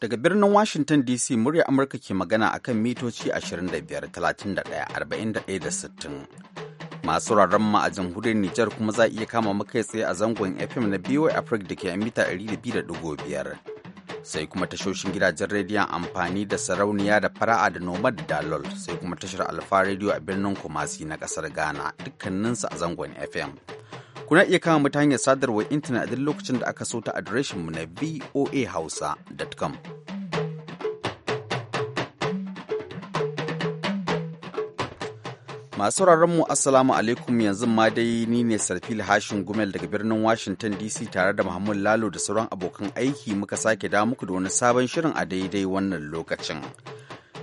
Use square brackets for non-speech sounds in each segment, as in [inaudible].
Daga birnin Washington DC murya Amurka ke magana a kan mitoci 25, 31, 41 da 60. masu rarren ma a jamhuriyar Nijar kuma za iya kama makai tsaye a zangon FM na BOA Africa da ke a mita 200.5. Sai kuma tashoshin gidajen rediyon amfani da sarauniya da fara'a da nomad dalol sai kuma tashar alfa rediyo a birnin Kumasi na kasar Ghana dukkaninsu a zangon FM. Kuna iya kama mutane ta hanyar sadarwar intanet a duk lokacin da aka so ta adireshin mu na voahausa.com. Masu mu Assalamu alaikum yanzu ma dai ni ne Sarfil Hashin Gumel daga birnin Washington DC tare da Muhammad Lalo da sauran abokan aiki muka sake da muku da wani sabon shirin a daidai wannan lokacin.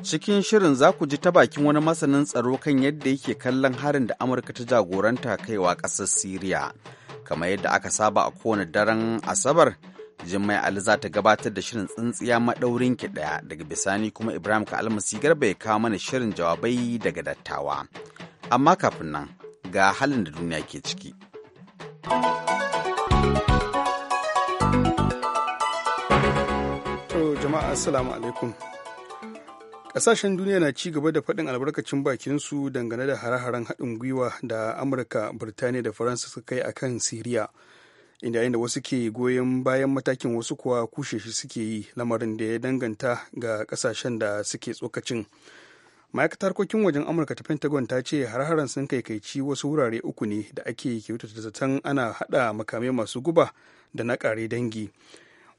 Cikin shirin za ku ji ta bakin wani masanin tsaro kan yadda yake kallon harin da Amurka ta jagoranta kaiwa ƙasar Siriya. Kamar yadda aka saba a kowane daren Asabar, Jummai Ali za ta gabatar da shirin tsintsiya maɗaurin ki ɗaya daga bisani kuma Ibrahim ka almasi garba ya kawo mana shirin jawabai daga dattawa. Amma kafin nan ga halin da duniya ke ciki. assalamu alaikum. kasashen duniya na ci gaba da faɗin albarkacin bakinsu dangane da hare-haren haɗin gwiwa da Amurka, Birtaniya da Faransa suka kai a kan Siriya. Inda yayin da wasu ke goyon bayan matakin wasu kuwa kushe shi suke yi lamarin da ya danganta ga kasashen da suke tsokacin. ma'aikatar harkokin wajen amurka ta pentagon ta ce har-haren sun kaikaici wasu wurare uku ne da ake kyautata zaton ana hada makamai masu guba da na kare dangi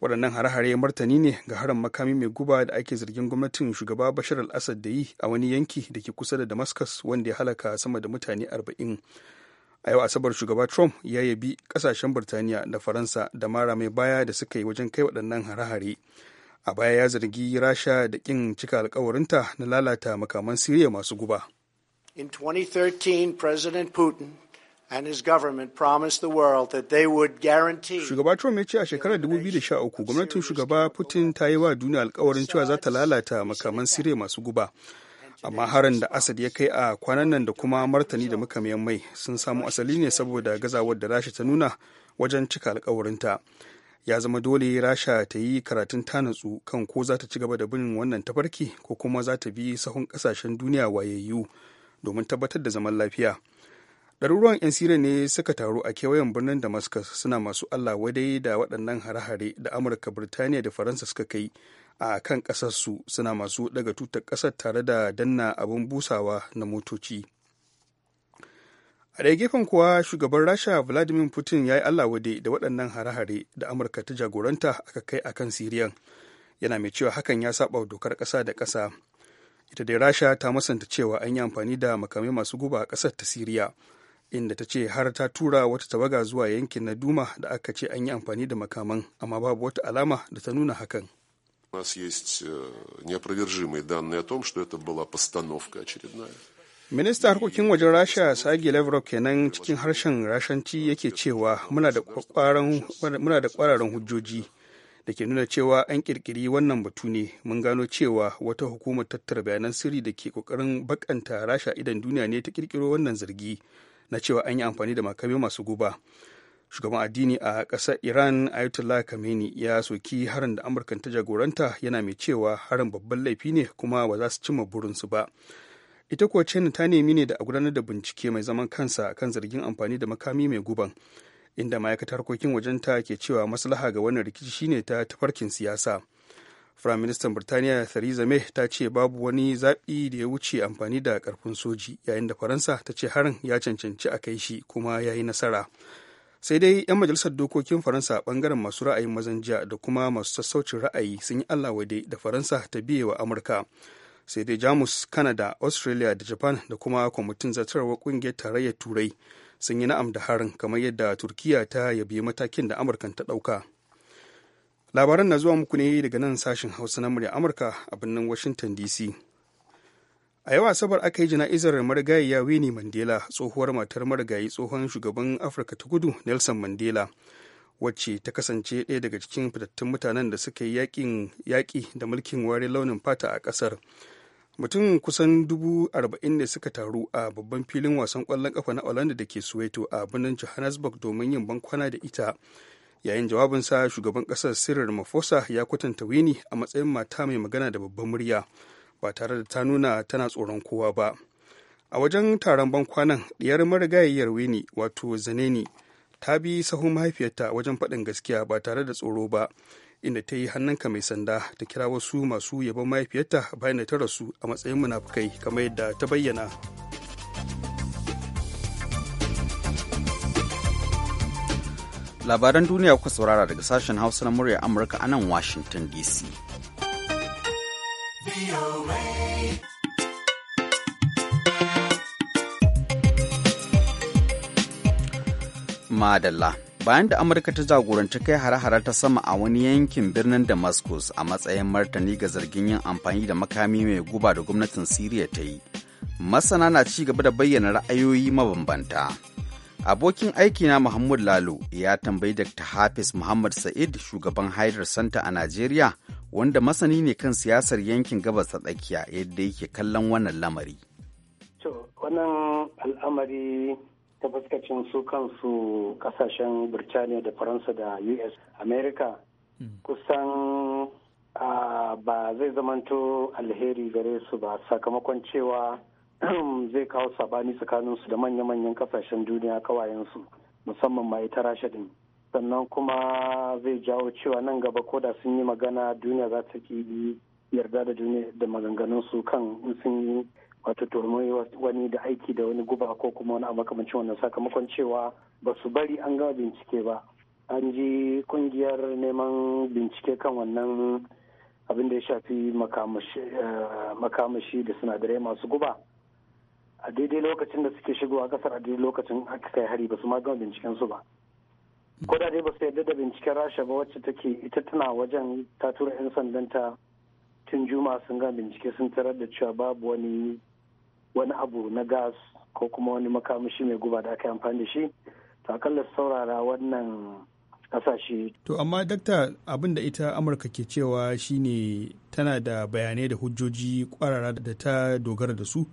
waɗannan hare-hare martani ne ga harin makami mai guba da ake zargin gwamnatin shugaba bashar al-assad da yi a wani yanki da ke kusa da damascus wanda ya halaka sama da mutane 40 a yau asabar shugaba trump ya yabi ƙasashen birtaniya da faransa da mara mai baya da suka yi wajen kai waɗannan hare-hare a baya ya zargi rasha da ƙin cika alkawarinta na lalata makaman siriya masu guba in 2013 president putin Shugaba Trump ya ce a shekarar 2013 gwamnatin shugaba Putin ta yi wa duniya alkawarin cewa za ta lalata makaman sire masu guba. Amma harin da Asad ya kai a kwanan nan da kuma martani da makamayan mai sun samu asali ne saboda gazawar da Rasha ta nuna wajen cika alkawarinta. Ya zama dole Rasha ta yi karatun tanatsu kan ko za ta ci gaba da bin wannan tafarki ko kuma za ta bi sahun kasashen duniya wayayyu domin tabbatar da zaman lafiya. ɗaruruwan 'yan sira ne suka taru a kewayen birnin damascus suna masu allah wadai da waɗannan hare-hare da amurka birtaniya da faransa suka kai a kan ƙasarsu suna masu daga tutar ƙasar tare da danna abin busawa na motoci a gefen kuwa shugaban rasha vladimir putin ya yi allah wade da waɗannan hare-hare da amurka ta jagoranta aka kai a kan siriyan yana mai cewa hakan ya saba dokar ƙasa da ƙasa ita dai rasha ta masanta cewa an yi amfani da makamai masu guba a ƙasar ta siriya inda ta ce har ta tura wata tabaga zuwa yankin na duma da aka ce an yi amfani da makaman amma babu wata alama da ta nuna hakan Minista harkokin wajen Rasha Sage Lavrov kenan cikin harshen Rashanci yake cewa muna da kwararan hujjoji da ke nuna cewa an kirkiri wannan batu ne mun gano cewa wata hukumar tattara bayanan sirri da ke kokarin bakanta Rasha idan duniya ne ta kirkiro wannan zargi na cewa an yi amfani da makami masu guba shugaban addini a ƙasar iran ayatollah kameni ya soki harin da amurka ta jagoranta yana mai cewa harin babban laifi ne kuma ba za su cimma burinsu ba ita kuwa china ta nemi ne da a gudanar da bincike mai zaman kansa kan zargin amfani da makami mai guban inda ma'aikatar harkokin wajenta ke cewa maslaha ga wannan rikici shine ta tafarkin siyasa Firaministan Birtaniya Theresa May ta ce babu wani zaɓi da ya wuce amfani da ƙarfin soji yayin da Faransa ta ce harin ya cancanci a kai shi kuma ya yi nasara. Sai dai 'yan majalisar dokokin Faransa ɓangaren masu ra'ayin mazan jiya da kuma masu sassaucin ra'ayi sun yi Allah wade da Faransa ta biye wa Amurka. Sai dai Jamus, kanada Australia da Japan da kuma kwamitin zartarwar ƙungiyar tarayyar Turai sun yi na'am da harin kamar yadda Turkiya ta yabi matakin da amurka ta ɗauka. labaran na zuwa muku ne daga nan sashen hausa na murya amurka a birnin washington dc a yau asabar aka yi jana'izar marigayi ya winnie mandela tsohuwar matar marigayi tsohon shugaban afirka ta Gudu nelson mandela wacce ta kasance ɗaya daga cikin fitattun mutanen da suka yi yaƙi da mulkin ware launin fata a ƙasar mutum kusan dubu arba'in ne suka taru a babban filin wasan ƙwallon ƙafa na olanda da ke soweto a birnin johannesburg domin yin bankwana da ita yayin jawabinsa shugaban ƙasar cyril mafosa ya kwatanta wini a matsayin mata mai magana da babban murya ba tare da ta nuna tana tsoron kowa ba a wajen taron bankwanan diyar marigayayyar wini wato zaneni ta bi sahun mahaifiyarta wajen faɗin gaskiya ba tare da tsoro ba inda ta yi hannunka mai sanda ta kira wasu masu yabon mahaifiyarta bayan da ta rasu a matsayin munafukai kamar yadda ta bayyana labaran duniya kuka saurara daga sashen hausa na murya amurka a nan washington dc madalla bayan da amurka ta jagoranci kai hare-hare ta sama a wani yankin birnin damascus a matsayin martani ga zargin yin amfani da makami mai guba da gwamnatin Syria ta yi masana na ci gaba da bayyana ra'ayoyi mabambanta Abokin aikina Muhammad Lalo ya tambayi Dr. Hafiz Muhammad Sa'id shugaban Hydra center a Najeriya wanda masani ne kan siyasar yankin gabas ta tsakiya yadda yake kallon wannan lamari. To, wannan al'amari ta fuskacin su kansu kasashen Birtaniya da Faransa da US America hmm. kusan ah, ba zai zamanto alheri gare su ba sakamakon cewa [clears throat] zai kawo sabani tsakaninsu da manya-manyan kasashen duniya kawayensu musamman ma ita rasha din sannan kuma zai jawo cewa nan gaba ko da sun yi magana duniya za ta ki yarda da duniya da maganganunsu kan sun yi wato turmi wani da aiki da wani guba ko kuma wani makamancin wannan sakamakon cewa ba su bari an gama bincike ba an ji kungiyar neman bincike kan wannan abin da ya shafi makamashi eh, da sinadarai masu guba a daidai lokacin da suke shigowa kasar a daidai lokacin aka kai hari ba su ma gama binciken su ba ko da dai ba su yarda da binciken rasha ba wacce take ita tana wajen ta tura yan sandan ta tun juma sun gama bincike sun tarar da cewa babu wani wani abu na gas ko kuma wani makamashi mai guba da aka yi amfani da shi to akalla saurara wannan kasashe. To amma dakta abin da ita Amurka ke cewa shine tana da bayanai da hujjoji kwarara da ta dogara da su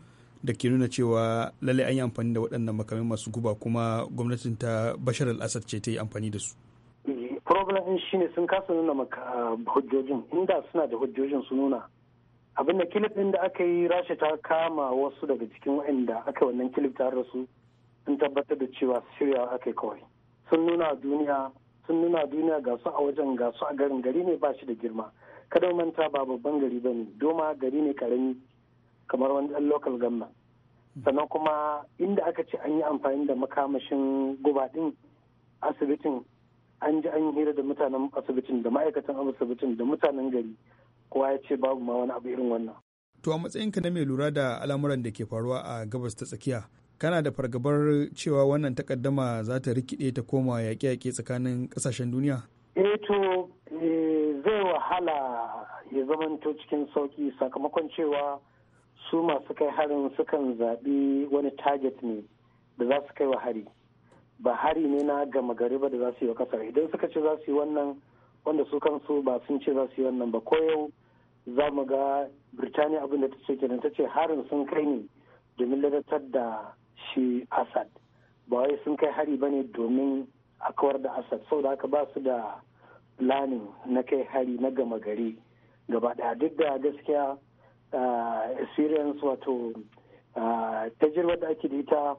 da ke nuna cewa lalle an yi amfani da waɗannan makamai masu guba kuma gwamnatin ta bashar al ce ta yi amfani da su problem shi ne sun kasa nuna maka ah, hujjojin inda suna da hujjojin su nuna abin da kilif ɗin da aka yi rasha ta kama wasu daga cikin waɗanda aka wannan kilif ta rasu sun tabbatar da cewa shirya aka yi kawai sun nuna duniya sun nuna duniya ga su a wajen ga su a garin gari ne ba shi da girma kada manta ba babban gari ba ne doma gari ne karami kamar wani ɗan local gamma sannan kuma inda aka ce an yi amfani da makamashin guba din asibitin an ji an yi hira da mutanen asibitin da ma'aikatan asibitin da mutanen gari kowa ya ce babu ma wani abu irin wannan to a matsayinka na mai lura da al'amuran da ke faruwa a gabas ta tsakiya kana da fargabar cewa wannan takaddama za ta rikide ta koma yaƙe-yaƙe tsakanin ƙasashen duniya eh to eh, zai wahala ya zamanto cikin sauki sakamakon cewa su masu kai harin sukan zaɓi wani target ne da za su kai wa hari ba hari ne na gama gari ba da za su yi wa kasar idan suka ce za su yi wannan wanda su kansu ba sun ce za su yi wannan ba ko yau za mu ga birtaniya abin da ta ce kenan ta ce harin sun kai ne domin ladatar da shi asad ba wai sun kai hari ba ne domin a kawar da asad saboda aka ba su da planning na kai hari na gama gari gaba daya duk da gaskiya experience wato tajirba da ake da ita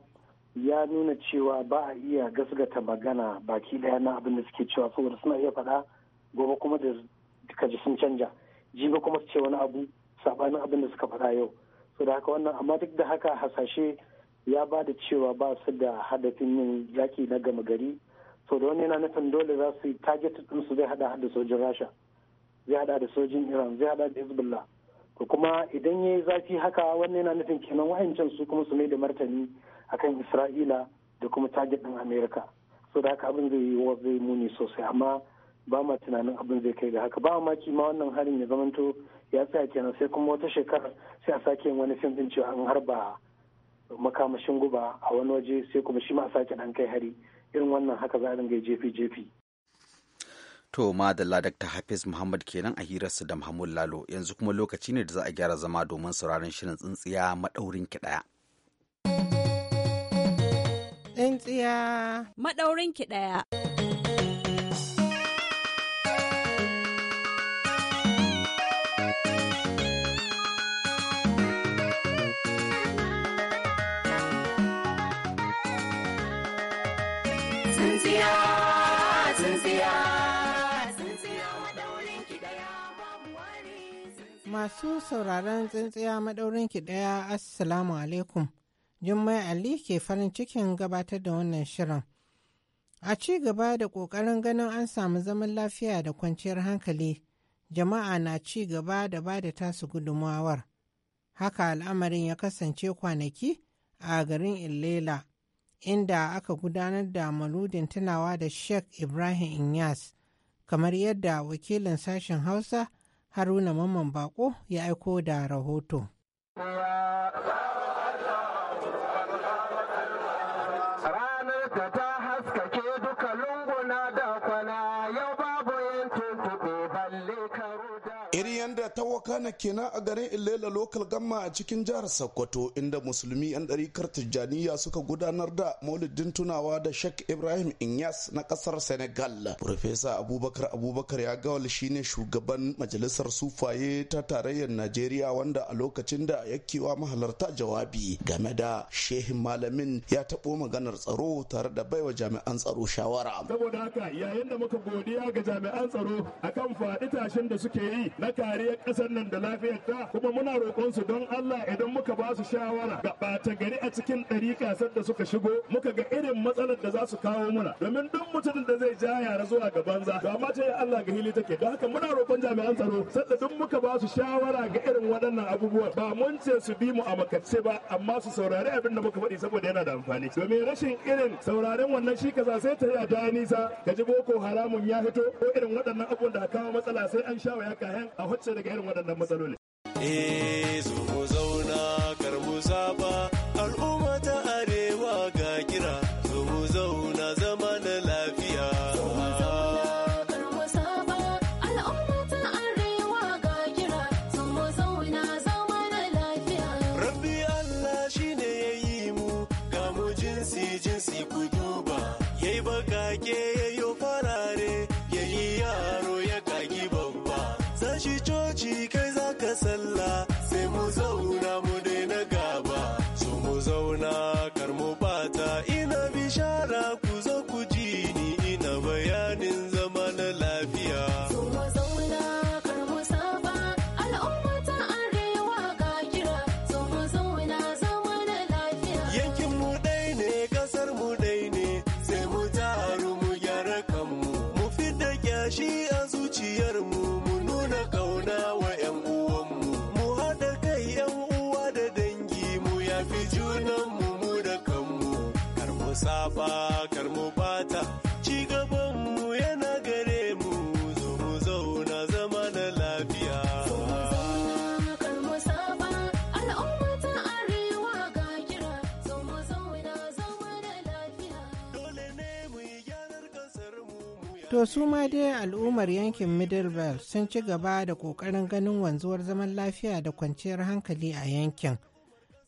ya nuna cewa ba a iya gasgata magana baki daya na abin da suke cewa saboda suna iya faɗa gobe kuma da kaji sun canja jibi kuma su ce wani abu sabanin abin da suka faɗa yau so da haka wannan amma duk da haka hasashe ya ba da cewa ba su da hadafin yin yaki na gama gari so da wani yana nufin dole za su yi target su zai hada da sojin rasha zai hada da sojin iran zai hada da hezbollah to kuma idan ya yi zafi haka wannan yana nufin kenan wayancan su kuma su mai da martani akan isra'ila da kuma target din amerika so da haka abin zai yi zai muni sosai amma ba ma tunanin abin zai kai da haka ba ma kima wannan harin ya zamanto ya tsaya kenan sai kuma wata shekara sai a sake wani fim din cewa an harba makamashin guba a wani waje sai kuma shi ma a sake dan kai hari irin wannan haka za a dinga jefi jefi To madalla Dr. Hafiz Muhammad kenan a hirarsu da Muhammad Lalo yanzu kuma lokaci ne da za a gyara zama domin sauraron shirin tsintsiya maɗaurin ki ɗaya. Tsintsiya maɗaurin ki ɗaya. Masu sauraron tsintsiya maɗaurin ki ɗaya Assalamu alaikum. Jummai Ali ke farin cikin gabatar da wannan shirin. A ci gaba da ƙoƙarin ganin an samu zaman lafiya da kwanciyar hankali, jama'a na ci gaba da ba da tasu gudunmawar. Haka al'amarin ya kasance kwanaki a garin Illela, inda aka gudanar da maludin tunawa da Sheikh Ibrahim Inyas, kamar yadda wakilin sashen Hausa haruna mamman bako ya aiko da rahoto. wakana kenan a garin ilela local gamma a cikin jihar sokoto inda musulmi 'yan ɗarikar tijjaniya suka gudanar da maulidin tunawa da sheikh ibrahim inyas na ƙasar senegal Profesa abubakar abubakar ya gawal shine shugaban majalisar sufaye ta tarayyar najeriya wanda a lokacin da ya kewa mahalarta jawabi game da shehin malamin ya taɓo maganar tsaro tare da baiwa jami'an tsaro shawara saboda haka yayin da muka godiya ga jami'an tsaro akan faɗi tashin da suke yi na kariyar ƙasar ƙasar nan da lafiyarta kuma muna roƙon su don Allah idan muka ba su shawara ga ɓata gari a cikin ɗari kasar da suka shigo muka ga irin matsalar da za su kawo muna domin duk mutumin da zai ja yara zuwa ga banza to amma ta Allah ga hili take don haka muna roƙon jami'an tsaro sadda duk muka ba su shawara ga irin waɗannan abubuwan ba mun ce su bi mu a makace ba amma su saurari abin da muka faɗi saboda yana da amfani domin rashin irin sauraren wannan shi kaza sai ta yi a ta nisa ka ji boko haramun ya fito ko irin waɗannan abubuwan da kawo matsala sai an sha waya kayan a hocce daga irin waɗannan matsaloli. Eh Ba kar mu bata ci mu yana gare mu zo mu zauna zama na lafiya To su ma dai al'ummar yankin Middle sun ci gaba da ƙoƙarin ganin wanzuwar zaman lafiya da kwanciyar hankali a yankin,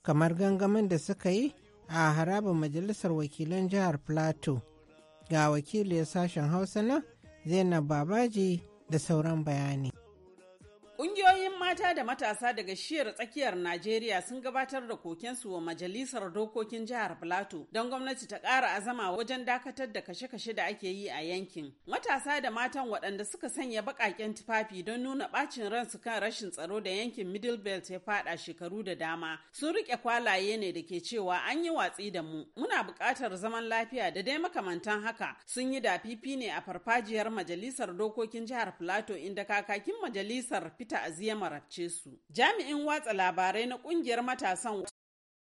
kamar gangamin da suka yi a harabin majalisar wakilan jihar plateau ga Wakilin sashen hausa na zainab babaji da sauran bayani Ƙungiyoyin mata da matasa daga shiyar tsakiyar Najeriya sun gabatar da kokensu wa Majalisar Dokokin Jihar Plateau don gwamnati ta ƙara azama wajen dakatar da kashe-kashe da ake yi a yankin. Matasa da matan waɗanda suka sanya baƙaƙen tufafi don nuna ɓacin ransu kan rashin tsaro da yankin Middle Belt ya faɗa shekaru da dama sun riƙe kwalaye ne da ke cewa an yi watsi da mu. Muna buƙatar zaman lafiya da dai makamantan haka sun yi dafifi ne a farfajiyar Majalisar Dokokin Jihar Plateau inda kakakin Majalisar ta'aziyyar marabce su. Jami'in watsa labarai na kungiyar matasan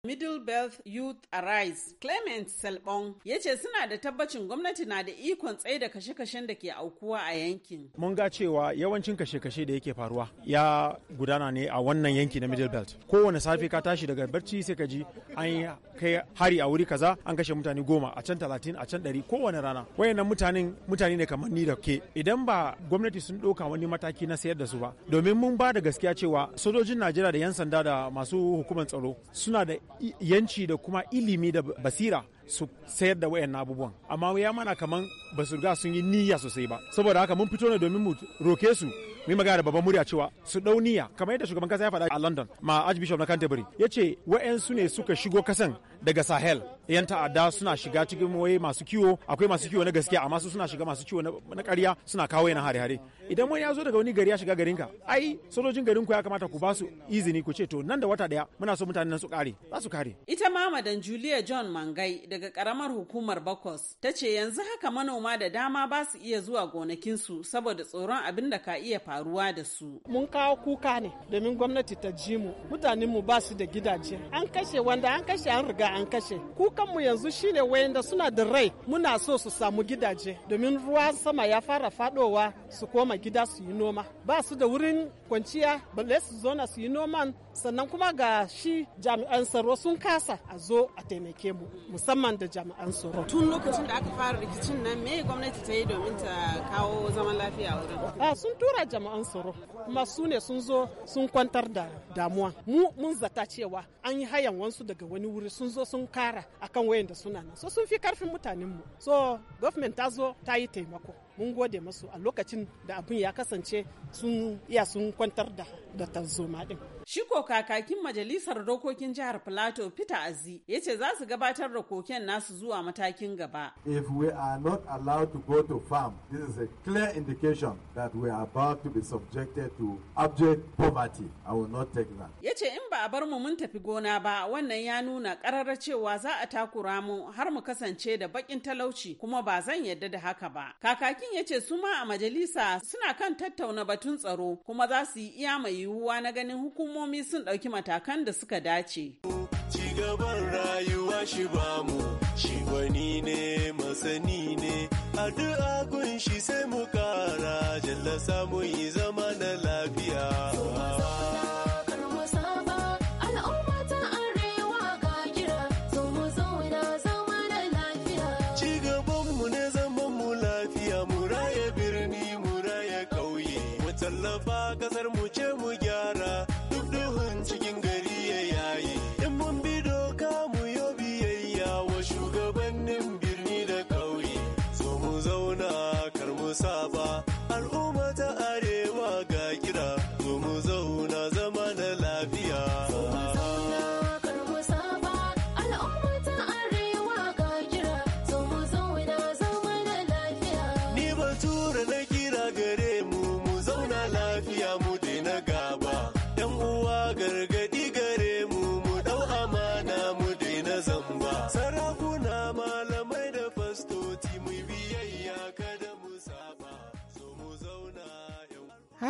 Middle Belt Youth Arise, Clement Selbon, ya ce suna da tabbacin gwamnati na da ikon tsaye da kashe-kashen da ke aukuwa a yankin. Mun ga cewa yawancin kashe-kashe da yake faruwa ya gudana ne a wannan yanki na Middle Belt. Kowane safe ka tashi daga barci sai ka ji an kai hari a wuri kaza an kashe mutane goma a can talatin a can ɗari kowane rana. Wayannan mutanen mutane ne kamar ni da ke. Idan ba gwamnati sun ɗauka wani mataki na sayar da su ba. Domin mun ba da gaskiya cewa sojojin Najeriya da 'yan sanda da masu hukumar tsaro suna da yanci da kuma ilimi da basira su sayar da wayan abubuwan amma ya mana kaman ba su riga sun yi niyya sosai ba saboda haka mun fito ne domin mu roke su mu magana da babban murya cewa su dau niyya kamar yadda shugaban kasa ya faɗa a London ma Archbishop na Canterbury yace wayan su ne suka shigo kasan daga sahel yan ta'adda suna shiga cikin waye masu kiwo akwai masu kiwo na gaskiya amma su suna shiga masu kiwo na ƙarya suna kawo yana hare-hare idan wani ya zo daga wani gari ya shiga garinka ai sojojin garin ku ya kamata ku ba su izini ku ce to nan da wata daya muna so mutanen nan su kare za su kare ita ma madan julia john mangai daga karamar hukumar bakos ta ce yanzu haka manoma da dama ba su iya zuwa gonakinsu saboda tsoron abin da ka iya faruwa da su mun kawo kuka ne domin gwamnati ta ji mu mutanen mu ba su da gidaje an kashe wanda an kashe an riga an kashe kukanmu yanzu shine wayanda suna da rai muna so su samu gidaje domin ruwa sama ya fara fadowa su koma gida su yi noma ba su da wurin kwanciya balle su zona su yi noman sannan kuma ga shi jami'an tsaro sun kasa a zo a taimake mu musamman da jami'an tsaro tun lokacin da aka fara rikicin nan me gwamnati ta yi domin ta kawo zaman lafiya a wurin sun tura jami'an tsaro kuma su ne sun zo sun kwantar da damuwa mu mun zata cewa an yi hayan wansu daga wani wuri sun zo sun kara akan wayan da suna nan so sun fi karfin mutanen mu so gwamnati ta zo ta yi taimako mun gode masu a lokacin da abin ya kasance sun iya sun kwantar da da tarzoma din shi ko kakakin majalisar dokokin jihar Plateau Peter Azzi ya ce za su gabatar da koken nasu zuwa matakin gaba if we are not allowed to go to farm this is a clear indication that we are about to be subjected to abject poverty i will not take that yace in ba a bar mu mun tafi gona ba wannan ya nuna ƙararra cewa za a takura mu har mu kasance da bakin talauci kuma ba zan yadda da haka ba kakakin Abin ya ce su ma a majalisa suna kan tattauna batun tsaro kuma za su yi iya mai yiwuwa na ganin hukumomi sun ɗauki matakan da suka dace. Cigaban rayuwa shi bamu, shi gwani ne masani ne, addu'a shi sai mu kara, jalla yi zama na lafiya.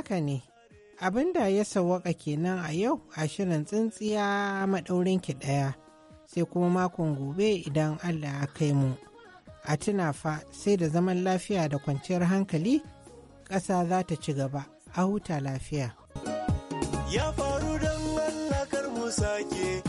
haka ne abin da ya sawaka kenan a yau a shirin tsintsiya maɗaurin ki ɗaya sai kuma makon gobe idan allah ya kai mu a tuna fa sai da zaman lafiya da kwanciyar hankali ƙasa za ta ci gaba a huta lafiya ya faru don mallakar mu sake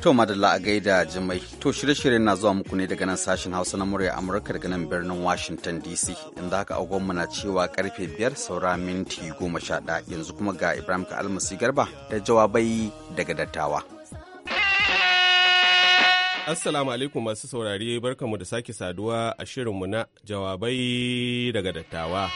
To madalla a gaida jimai to shirye-shiryen na zuwa muku ne daga nan sashen hausa na murya amurka daga nan birnin washington dc inda haka agonmu na cewa karfe biyar saura minti goma sha yanzu kuma ga ibrahim ka almasi garba da jawabai daga dattawa. Assalamu alaikum masu saurari barkamu da sake saduwa a shirin mu na jawabai daga dattawa.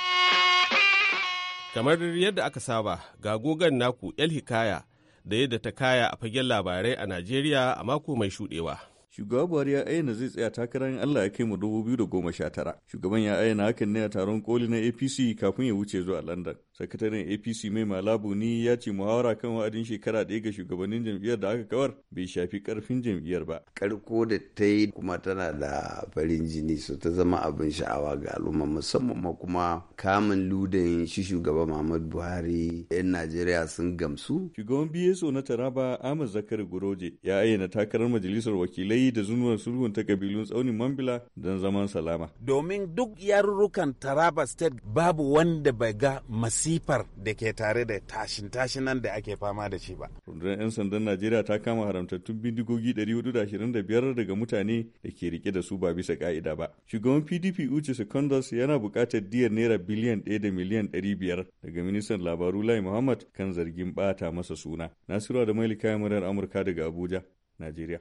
Kamar yadda aka saba, ga gogan naku El Hikaya da yadda ta kaya a fagen labarai a Najeriya a mako mai shuɗewa. Shugaba Buhari ya ayyana zai tsaya takarar in Allah ya kai mu tara. Shugaban ya ayyana hakan ne a taron koli na APC kafin ya wuce zuwa London. Sakataren APC mai malabu ni ya ce muhawara kan wa'adin shekara ɗaya ga shugabannin jam'iyyar da aka kawar bai shafi karfin jam'iyyar ba. Karko da ta yi kuma tana da farin jini so ta zama abin sha'awa ga al'umma musamman ma kuma kamun ludan shi shugaba Muhammadu Buhari 'yan Najeriya sun gamsu. Shugaban BSO na Taraba Ahmad Zakari Guroje ya ayyana takarar majalisar wakilai yi da zunuwan sulhun ta kabilun tsaunin mambila don zaman salama. Domin duk yarurrukan Taraba State babu wanda bai ga masifar da ke tare da tashin tashinan da ake fama da shi ba. Rundunar 'yan sandan Najeriya ta kama haramtattun bindigogi 425 daga mutane da ke rike da su ba bisa ka'ida ba. Shugaban PDP Uche Secondus yana buƙatar diyar naira biliyan 1 da miliyan 500 daga ministan labaru Lai Muhammad kan zargin bata masa suna. Nasiru da Malika Yamurar Amurka daga Abuja, Najeriya.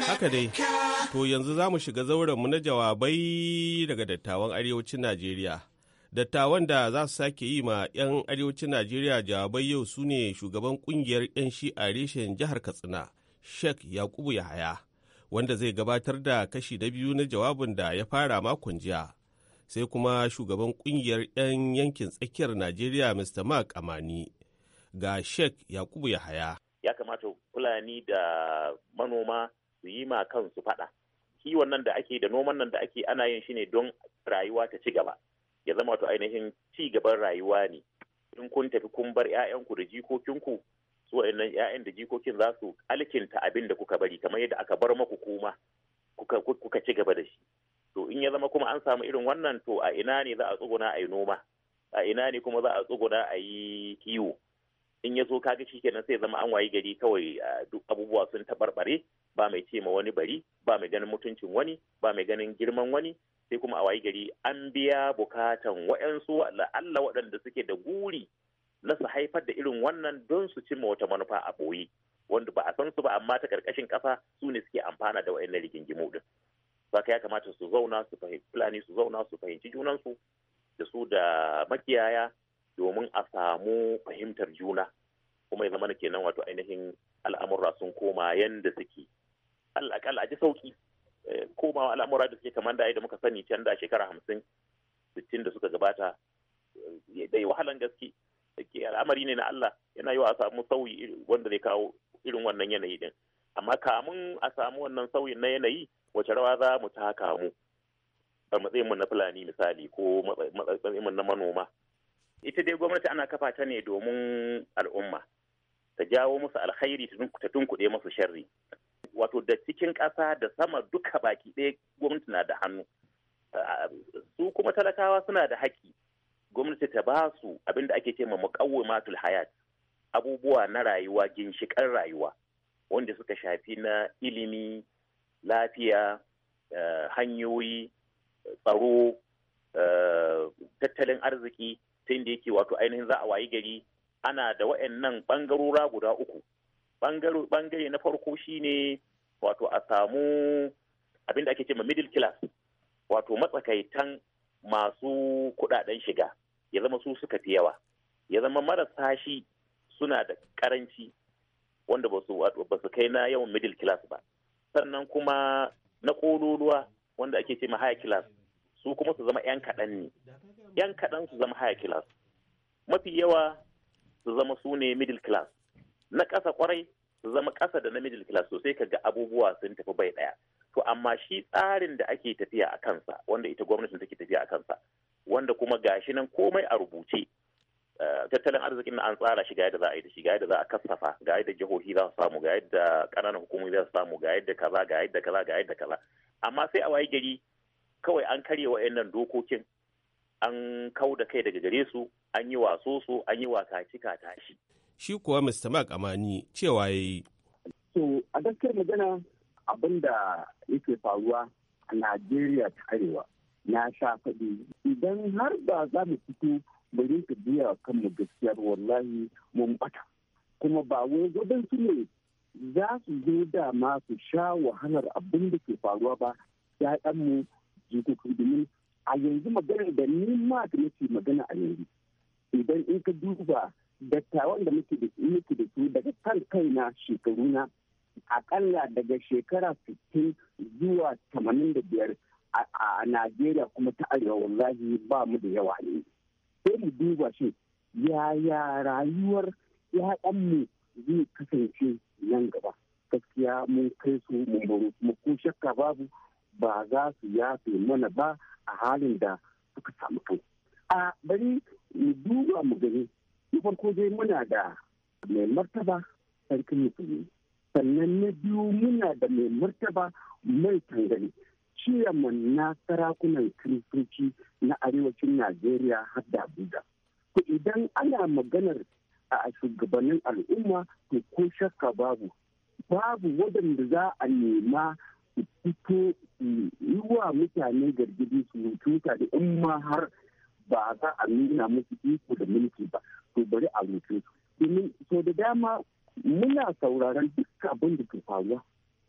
Haka dai, to yanzu za mu shiga zaurenmu na jawabai daga dattawan arewacin Najeriya. Dattawan da za su sake yi ma 'yan arewacin Najeriya jawabai yau su ne shugaban kungiyar 'yan shi'a reshen jihar Katsina, Sheikh Yakubu Yahaya, wanda zai gabatar da kashi na biyu na jawabin da ya fara makon jiya. Sai kuma shugaban kungiyar 'yan yankin tsakiyar Najeriya Mr. Mark Amani ga Sheikh Yakubu Yahaya. Ya kamata Fulani da manoma su yi ma kansu faɗa kiwon nan da ake da noman nan da ake ana yin shi ne don rayuwa ta ci gaba ya zama to ainihin ci gaban rayuwa ne in kun tafi kun bar 'ya'yanku da jikokinku su waɗannan 'ya'yan da jikokin za su alkinta abin da kuka bari kamar yadda aka bar maku kuma kuka, ci gaba da shi to in ya zama kuma an samu irin wannan to a ina ne za a tsuguna a yi noma a ina ne kuma za a tsuguna a yi kiwo in ya zo kaga shi kenan sai zama an wayi gari kawai duk abubuwa sun taɓarɓare ba mai ce ma wani bari ba mai ganin mutuncin wani ba mai ganin girman wani sai kuma a wayi gari an biya bukatan wa'yansu Allah waɗanda suke da guri na su haifar da irin wannan don su cimma wata manufa a ɓoye wanda ba a san su ba amma ta ƙarƙashin ƙasa su ne suke amfana da wa'yan rigingimu din saka ya kamata su zauna su fahimci fulani su zauna su fahimci junansu da su da makiyaya domin a samu fahimtar juna kuma ya zama kenan wato ainihin al'amurra sun koma yanda suke Allah akalla a ji sauki eh, komawa al'amura da suke kamar da da muka sani can da shekara hamsin sittin da suka gabata ya eh, yi wahalan gaske al'amari ne na Allah yana yi wa a samu sauyi wanda zai kawo irin wannan yanayi din amma kamun a samu wannan sauyin na yanayi wace rawa za mu taka mu a matsayinmu na fulani misali ko matsayinmu na manoma ita dai gwamnati ana kafa ta ne domin al'umma ta jawo musu alkhairi ta tunkuɗe musu sharri wato da cikin ƙasa da sama duka baki ɗaya gwamnati na da hannu su kuma talakawa suna da haƙƙi gwamnati ta ba su abinda da ake ce ma muƙawwimatul hayat abubuwa na rayuwa ginshiƙan rayuwa wanda suka shafi na ilimi lafiya eh, hanyoyi tsaro eh, tattalin arziki ta da yake wato ainihin za a wayi gari ana da waɗannan ɓangarora guda uku bangare na farko shine wato a samu abin da ake ce ma middle class wato matsakaitan masu kudaden shiga ya zama su suka fi yawa ya zama marasa shi suna da karanci wanda ba su kai na yawan middle class ba sannan kuma na kololuwa wanda ake ce ma high class su kuma su zama 'yan kaɗan ne 'yan kaɗan su zama high class mafi yawa su zama su ne middle class na ƙasa kwarai su zama ƙasa da na middle class sosai ka ga abubuwa sun tafi bai ɗaya to amma shi tsarin da ake tafiya a kansa wanda ita gwamnatin take tafiya a kansa wanda kuma gashi nan komai a rubuce eh, tattalin arzikin an tsara shi ga yadda za a yi da shi ga yadda za a kassafa ga yadda jihohi za su samu ga yadda ƙananan hukumomi za su samu ga yadda kaza ga yadda kaza ga yadda kaza amma sai a waye gari kawai an karya wa'annan dokokin an kau da kai daga gare su an yi waso su an yi kaci ka tashi shi kuwa Mr. Mark Amani cewa ya yi. To a gaskiyar magana abin da yake faruwa a Najeriya ta Arewa na sha faɗi idan har ba za mu fito bari ka biya kanmu gaskiyar wallahi mun bata kuma ba wai su ne za su zo da masu su sha wahalar abin da ke faruwa ba ya ‘ya'yanmu jikokin domin a yanzu magana da ni ma ta nake magana a yanzu idan in ka duba dattawan da muke da muke da su daga kan kaina na akalla daga shekara 60 zuwa 85 a Najeriya kuma ta arewa wallahi ba mu da yawa ne sai mu duba shi yaya rayuwar ya'yanmu zai kasance nan gaba gaskiya mun kai su mun baro kuma ko shakka babu ba za su yafe mana ba a halin da suka samu kai a bari mu duba mu gani na farko dai muna da mai martaba sarkin musulmi sannan na biyu muna da mai martaba mai tangani ciyaman na sarakunan kiristoci na arewacin najeriya har da abuja to idan ana maganar a shugabannin al'umma to ko shakka babu babu waɗanda za a nema fito yi wa mutane gargidi su mutu mutane in ma har ba za a nuna musu iko da mulki ba to bari a rufe domin so da dama muna sauraron duk abin da ke faruwa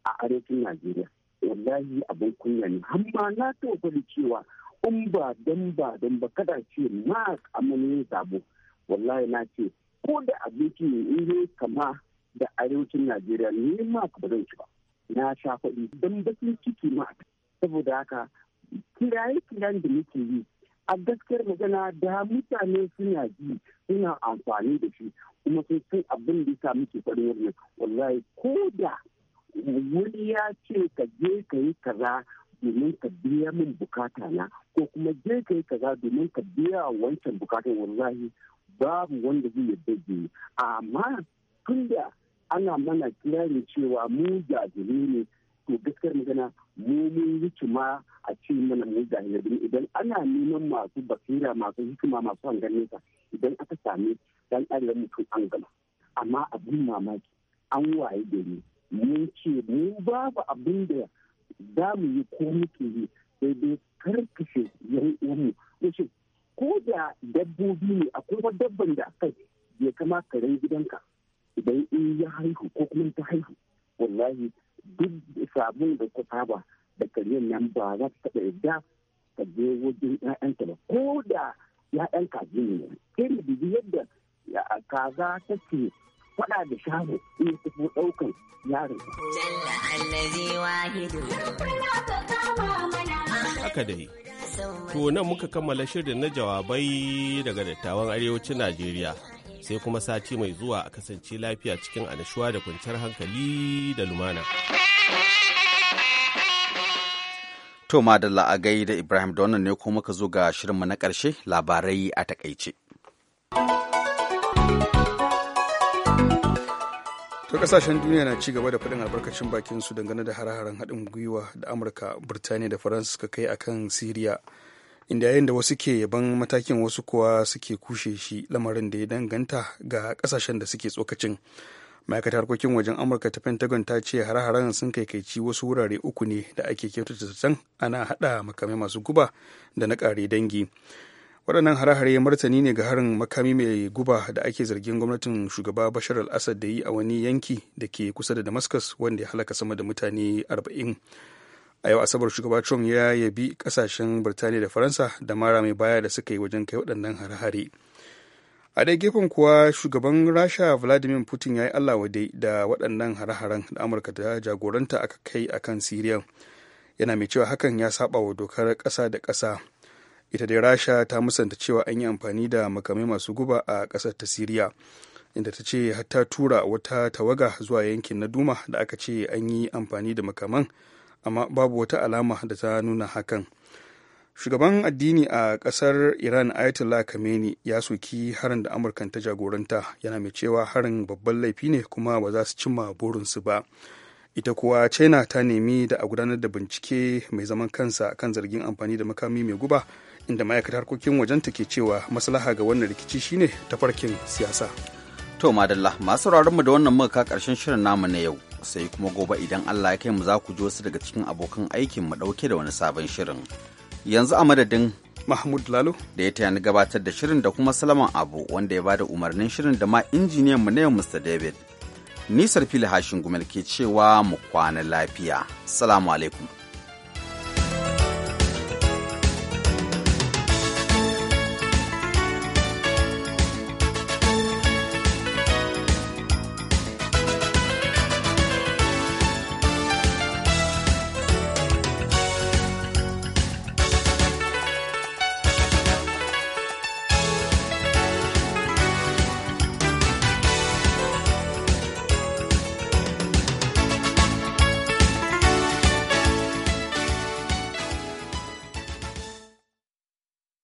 a arewacin najeriya wallahi abin kunya ne amma na taɓa cewa in ba dan ba dan ba kada ce na amalin sabo wallahi na ce ko da abinci ne in yi kama da arewacin najeriya ne ma ba zan ci ba na sha faɗi dan bakin ciki ma saboda haka kirayen kiran da muke yi a gaskiyar magana da mutane suna ji suna amfani da shi kuma sun san abin da yasa muke faɗin wannan wallahi ko da wani ya ce ka je ka yi kaza domin ka biya min bukata na ko kuma je ka yi kaza domin ka biya wancan bukata wallahi babu wanda zai yarda da amma tunda ana mana kirarin cewa mu jajiri ne to gaskiyar magana mu mun wuce ma a ce mana mu jahilai don idan ana neman masu basira masu hikima masu hangar nesa idan aka sami dan arewa mutum an gama amma abin mamaki an waye gari mun ce mu babu abin da za mu yi ko muke yi sai dai karkashe yan uwanmu yace ko da dabbobi ne akwai wani dabban da kai ya kama karen gidanka idan in ya haihu ko kuma ta haihu wallahi duk sabon da ta saba da karyar nan ba za ta taɓa yadda ta je wajen 'ya'yanta ba ko da 'ya'yan kaji ne irin bibi yadda kaza take faɗa da shago in fi ɗaukan yaron. Haka dai. To nan muka kammala shirin na jawabai daga dattawan arewacin Najeriya sai kuma sati mai zuwa a kasance lafiya cikin anashuwa da kwanciyar hankali da lumana. To madalla a da Ibrahim da wannan ne ko muka zo ga shirin mu na ƙarshe labarai a takaice. To kasashen duniya na ci gaba da faɗin albarkacin bakin su dangane da hare-haren haɗin gwiwa da Amurka, Birtaniya da Faransa suka kai akan Siriya. Siriya inda yayin da wasu ke yaban matakin wasu kuwa suke kushe shi lamarin da ya danganta ga kasashen da suke tsokacin ma'aikatar harkokin wajen amurka ta pentagon ta ce hare-haren sun kaikaici wasu wurare uku ne da ake kyautata ana hada makamai masu guba da na kare dangi waɗannan hare-hare martani ne ga harin makami mai guba da ake zargin gwamnatin shugaba bashar al-assad da yi a wani yanki da ke kusa da damascus wanda ya halaka sama da mutane arba'in a yau asabar shugaba trump ya yabi kasashen birtaniya da faransa da mara mai baya da suka yi wajen kai waɗannan hare a dai gefen kuwa shugaban rasha vladimir putin ya yi allah wade da waɗannan hare-haren da amurka ta jagoranta aka kai a kan siriya yana mai cewa hakan ya saba wa dokar ƙasa da ƙasa ita dai rasha ta musanta cewa an yi amfani da makamai masu guba a ƙasar ta siriya inda ta ce hatta tura wata tawaga zuwa yankin na duma da aka ce an yi amfani da makaman amma babu wata alama da ta nuna hakan shugaban addini a kasar iran ayatollah kameni ya soki harin da amurkan ta jagoranta yana mai cewa harin babban laifi ne kuma ba za su cimma burinsu ba ita kuwa china ta nemi da a gudanar da bincike mai zaman kansa kan zargin amfani da makami mai guba inda ma'aikatar harkokin wajenta ke cewa maslaha ga wannan rikici shine tafarkin siyasa to madalla masu mu da wannan muka karshen shirin namu na yau sai kuma gobe idan Allah ya kai mu za ku ji wasu daga cikin abokan aikin mu ɗauke da wani sabon shirin. Yanzu a madadin Mahmud Lalo da ya tayani gabatar da shirin da kuma Salaman Abu wanda ya bada umarnin shirin da ma injiniyan mu na yau Mr. David. Nisar fili hashin gumel ke cewa mu kwana lafiya. Salamu alaikum.